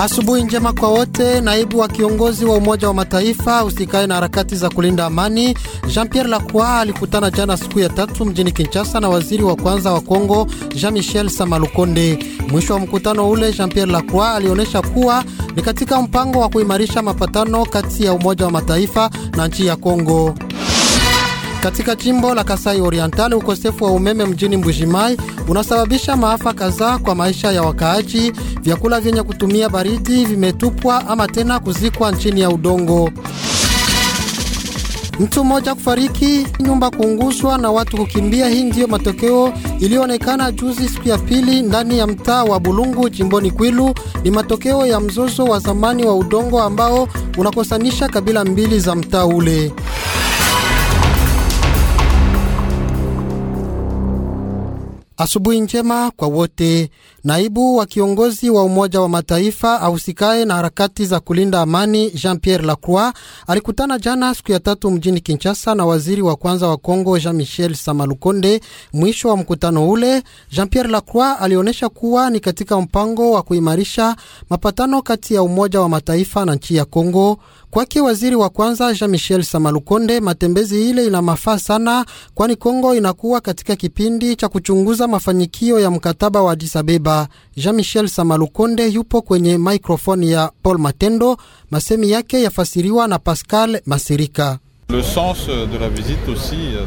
Asubuhi njema kwa wote. Naibu wa kiongozi wa Umoja wa Mataifa usikae na harakati za kulinda amani Jean Pierre Lacroix alikutana jana siku ya tatu mjini Kinshasa na waziri wa kwanza wa Kongo Jean Michel Samalukonde. Mwisho wa mkutano ule, Jean Pierre Lacroix alionyesha kuwa ni katika mpango wa kuimarisha mapatano kati ya Umoja wa Mataifa na nchi ya Kongo. Katika jimbo la Kasai Oriental, ukosefu wa umeme mjini Mbujimai unasababisha maafa kadhaa kwa maisha ya wakaaji. Vyakula vyenye kutumia baridi vimetupwa ama tena kuzikwa chini ya udongo. Mtu mmoja kufariki, nyumba kuunguzwa na watu kukimbia. Hii ndiyo matokeo iliyoonekana juzi siku ya pili ndani ya mtaa wa Bulungu jimboni Kwilu. Ni matokeo ya mzozo wa zamani wa udongo ambao unakosanisha kabila mbili za mtaa ule. Asubuhi njema kwa wote. Naibu wa kiongozi wa Umoja wa Mataifa ahusikaye na harakati za kulinda amani Jean Pierre Lacroix alikutana jana siku ya tatu mjini Kinshasa na waziri wa kwanza wa Kongo Jean Michel Samalukonde. Mwisho wa mkutano ule, Jean Pierre Lacroix alionyesha kuwa ni katika mpango wa kuimarisha mapatano kati ya Umoja wa Mataifa na nchi ya Kongo Kwake waziri wa kwanza Jean Michel Samalukonde, matembezi ile ina mafaa sana, kwani Kongo inakuwa katika kipindi cha kuchunguza mafanyikio ya mkataba wa Addis Abeba. Jean Michel Samalukonde yupo kwenye maikrofoni ya Paul Matendo, masemi yake yafasiriwa na Pascal Masirika. Euh,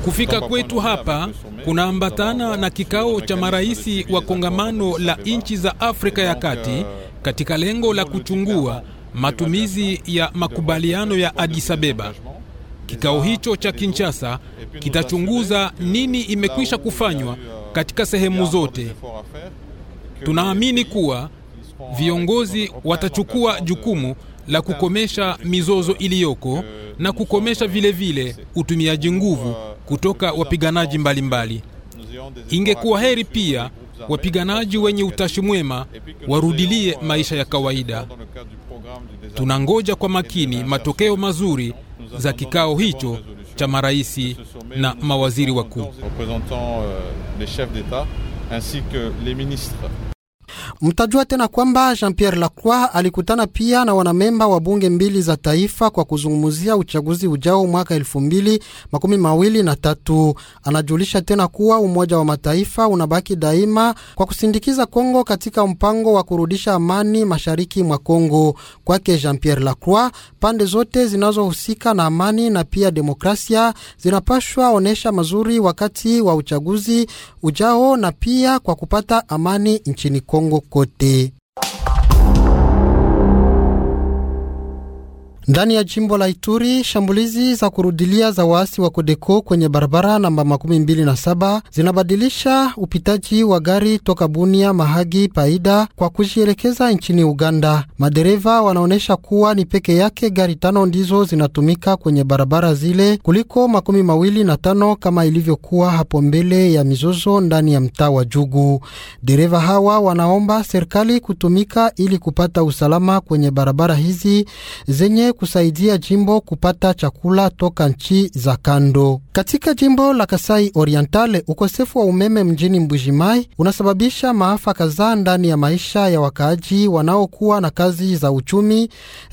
Kufika kwetu hapa kunaambatana na kikao cha maraisi wa kongamano la nchi za Afrika ya Kati katika lengo la kuchungua matumizi ya makubaliano ya Addis Abeba. Kikao hicho cha Kinshasa kitachunguza nini imekwisha kufanywa katika sehemu zote. Tunaamini kuwa viongozi watachukua jukumu la kukomesha mizozo iliyoko na kukomesha vilevile vile utumiaji nguvu kutoka wapiganaji mbalimbali. Ingekuwa heri pia wapiganaji wenye utashi mwema warudilie maisha ya kawaida. Tunangoja kwa makini matokeo mazuri za kikao hicho cha marais na mawaziri wakuu. Mtajua tena kwamba Jean Pierre Lacroix alikutana pia na wanamemba wa bunge mbili za taifa kwa kuzungumzia uchaguzi ujao mwaka elfu mbili makumi mawili na tatu. Anajulisha tena kuwa Umoja wa Mataifa unabaki daima kwa kusindikiza Kongo katika mpango wa kurudisha amani mashariki mwa Kongo. Kwake Jean Pierre Lacroix, pande zote zinazohusika na amani na pia demokrasia zinapashwa onyesha mazuri wakati wa uchaguzi ujao na pia kwa kupata amani nchini Kongo côté Ndani ya jimbo la Ituri, shambulizi za kurudilia za waasi wa Kodeko kwenye barabara namba makumi mbili na saba zinabadilisha upitaji wa gari toka Bunia, Mahagi, Paida kwa kujielekeza nchini Uganda. Madereva wanaonyesha kuwa ni peke yake gari tano ndizo zinatumika kwenye barabara zile kuliko makumi mawili na tano kama ilivyokuwa hapo mbele ya mizozo ndani ya mtaa wa Jugu. Dereva hawa wanaomba serikali kutumika ili kupata usalama kwenye barabara hizi zenye kusaidia jimbo kupata chakula toka nchi za kando. Katika jimbo la Kasai Orientale, ukosefu wa umeme mjini Mbujimai unasababisha maafa kadhaa ndani ya maisha ya wakaaji wanaokuwa na kazi za uchumi.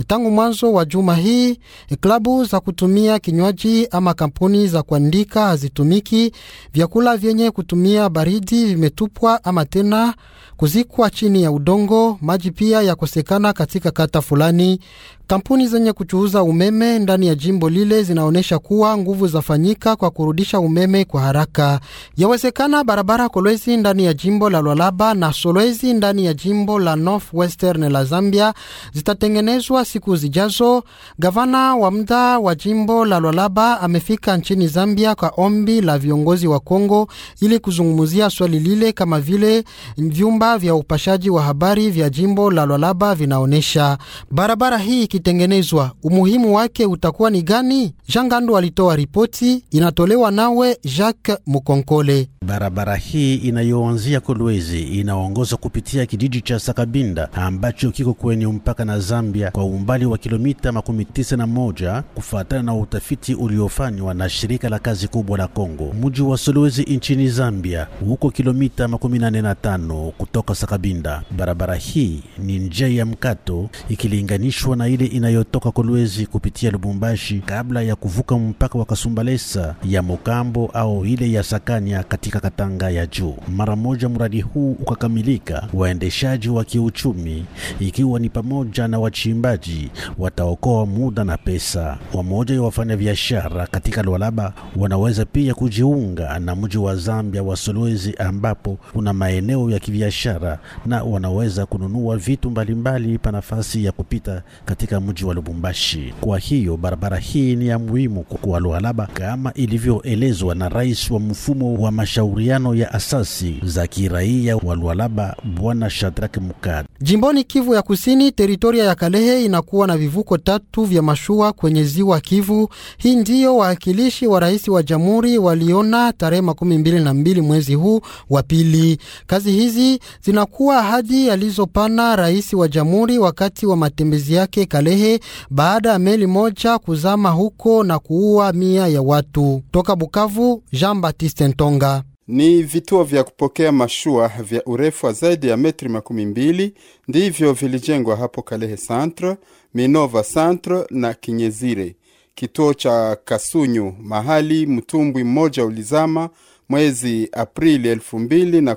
Tangu mwanzo wa juma hii, klabu za kutumia kinywaji ama kampuni za kuandika hazitumiki. Vyakula vyenye kutumia baridi vimetupwa ama tena kuzikwa chini ya udongo. Maji pia yakosekana katika kata fulani. Kampuni zenye kuchuuza umeme ndani ya jimbo lile zinaonyesha kuwa nguvu zafanyika kwa kurudisha umeme kwa haraka. Yawezekana barabara Kolwezi ndani ya jimbo la Lwalaba na Solwezi ndani ya jimbo la Northwestern la Zambia zitatengenezwa siku zijazo. Gavana wa mda wa jimbo la Lwalaba amefika nchini Zambia kwa ombi la viongozi wa Kongo ili kuzungumzia swali lile, kama vile vyumba vya upashaji wa habari vya jimbo la Lwalaba vinaonyesha barabara hii ikitengenezwa, umuhimu wake utakuwa ni gani? Jangando alitoa ripoti inatolewa nawe Jacques Mukonkole. Barabara hii inayoanzia Kolwezi inaongoza kupitia kijiji cha Sakabinda ambacho kiko kwenye mpaka na Zambia kwa umbali wa kilomita makumi tisa na moja kufuatana na utafiti uliofanywa na shirika la kazi kubwa la Kongo. Mji wa Solwezi nchini Zambia huko kilomita makumi nane na tano kutoka Sakabinda. Barabara hii ni njia ya mkato ikilinganishwa na ile inayotoka Kolwezi kupitia Lubumbashi kabla ya kuvuka mpaka wa Kasumbalesa ya Mokambo au ile ya Sakanya katika Katanga ya juu. Mara moja mradi huu ukakamilika, waendeshaji wa kiuchumi ikiwa ni pamoja na wachimbaji wataokoa muda na pesa. Wamoja ya biashara katika Lualaba wanaweza pia kujiunga na mji wa Zambia wa Solwezi ambapo kuna maeneo ya kibiashara na wanaweza kununua vitu mbalimbali pa nafasi ya kupita katika katika mji wa Lubumbashi. Kwa hiyo barabara hii ni ya muhimu kwa Lualaba kama ilivyoelezwa na rais wa mfumo wa mashauriano ya asasi za kiraia wa Lualaba, Bwana Shadrack Mukad. Jimboni Kivu ya Kusini, teritoria ya Kalehe inakuwa na vivuko tatu vya mashua kwenye ziwa Kivu. Hii ndiyo waakilishi wa rais wa jamhuri waliona tarehe makumi mbili na mbili mwezi huu wa pili. Kazi hizi zinakuwa ahadi alizopana rais wa jamhuri wakati wa matembezi yake Kalehe. Kalehe baada ya meli moja kuzama huko na kuua mia ya watu. Toka Bukavu, Jean Baptiste Ntonga. Ni vituo vya kupokea mashua vya urefu wa zaidi ya metri makumi mbili ndivyo vilijengwa hapo Kalehe Centre, Minova Centre na Kinyezire. Kituo cha Kasunyu mahali mtumbwi mmoja ulizama mwezi Aprili mbili na,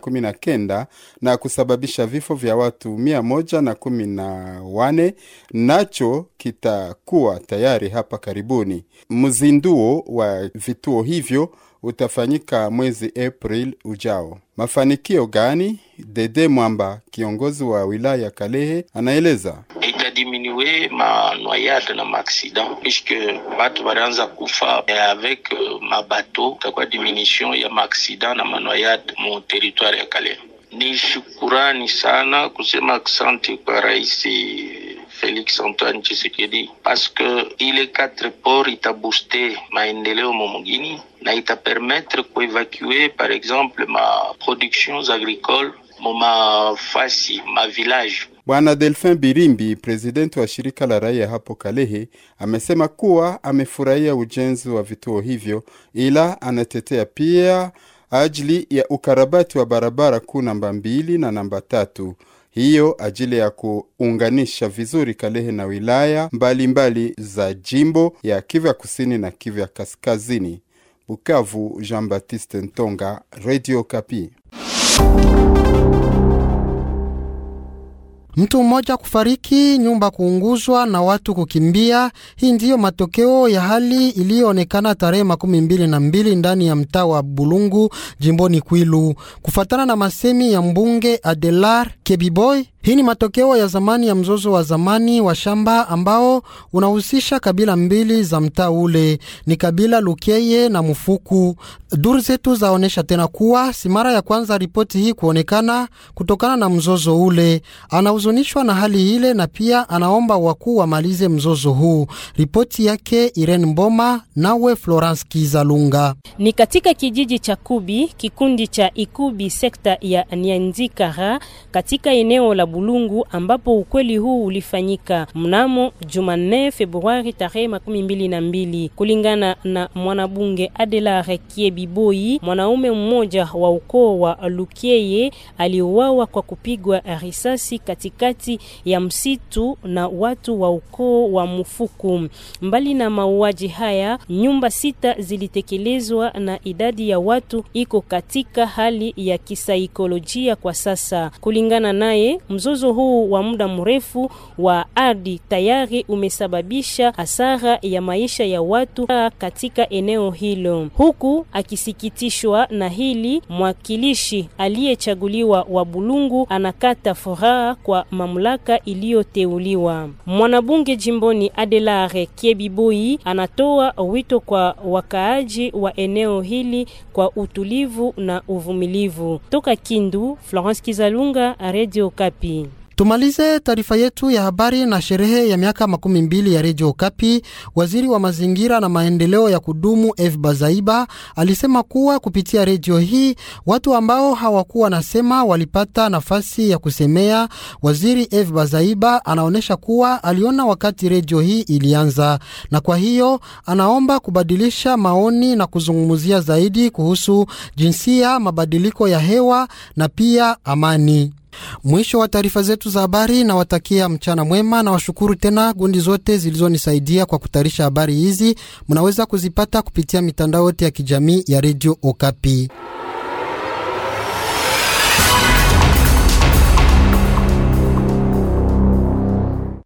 na kusababisha vifo vya watu 1na wane nacho kitakuwa tayari hapa karibuni. Mzinduo wa vituo hivyo utafanyika mwezi april ujao. Mafanikio gani? Dede Mwamba, kiongozi wa wilaya Kalehe, anaeleza. ma diminuer dans mon accident puisque bato balianza et avec euh, ma bateau, a une diminution a dans na noyade, mon territoire à calé. Ni ni sana kusema asante kwa c'est euh, Félix Antoine dit, parce que est quatre ports il boosté ma au Momogini, ils na permis d'évacuer, par exemple ma production mon ma faci ma village Bwana Delfin Birimbi, prezidenti wa shirika la raia hapo Kalehe, amesema kuwa amefurahia ujenzi wa vituo hivyo, ila anatetea pia ajili ya ukarabati wa barabara kuu namba mbili na namba tatu hiyo ajili ya kuunganisha vizuri Kalehe na wilaya mbalimbali mbali za jimbo ya Kivya kusini na Kivya kaskazini. Bukavu, Jean Baptiste Ntonga, Radio Kapi. Mtu mmoja kufariki, nyumba kuunguzwa na watu kukimbia. Hii ndiyo matokeo ya hali iliyoonekana tarehe makumi mbili na mbili ndani ya mtaa wa Bulungu jimboni Kwilu, kufatana na masemi ya mbunge Adelar Kebiboy. Hii ni matokeo ya zamani ya mzozo wa zamani wa shamba ambao unahusisha kabila mbili za mtaa ule, ni kabila Lukeye na Mufuku. Duru zetu zaonyesha tena kuwa si mara ya kwanza ripoti hii kuonekana kutokana na mzozo ule. Anahuzunishwa na hali ile na pia anaomba wakuu wamalize mzozo huu. Ripoti yake Irene Mboma nawe Florence Kizalunga. Ni katika kijiji cha Kubi, kikundi cha Ikubi, sekta ya Nyanzikara katika eneo la Bulungu ambapo ukweli huu ulifanyika mnamo Jumanne Februari tarehe makumi mbili na mbili. Kulingana na mwanabunge Adelare Kiebiboi, mwanaume mmoja wa ukoo wa Lukieye aliuawa kwa kupigwa risasi katikati ya msitu na watu wa ukoo wa Mufuku. Mbali na mauaji haya, nyumba sita zilitekelezwa na idadi ya watu iko katika hali ya kisaikolojia kwa sasa, kulingana naye Mzozo huu wa muda mrefu wa ardhi tayari umesababisha hasara ya maisha ya watu katika eneo hilo. Huku akisikitishwa na hili, mwakilishi aliyechaguliwa wa Bulungu anakata furaha kwa mamlaka iliyoteuliwa. Mwanabunge jimboni Adelare Kiebiboi anatoa wito kwa wakaaji wa eneo hili kwa utulivu na uvumilivu. Toka Kindu, Florence Kizalunga, Radio Kapi. Tumalize taarifa yetu ya habari na sherehe ya miaka makumi mbili ya redio Okapi. Waziri wa mazingira na maendeleo ya kudumu F Bazaiba alisema kuwa kupitia redio hii watu ambao hawakuwa nasema walipata nafasi ya kusemea. Waziri F Bazaiba anaonyesha kuwa aliona wakati redio hii ilianza, na kwa hiyo anaomba kubadilisha maoni na kuzungumzia zaidi kuhusu jinsia, mabadiliko ya hewa na pia amani. Mwisho wa taarifa zetu za habari, nawatakia mchana mwema na washukuru tena gundi zote zilizonisaidia kwa kutayarisha habari hizi. Mnaweza kuzipata kupitia mitandao yote ya kijamii ya Radio Okapi.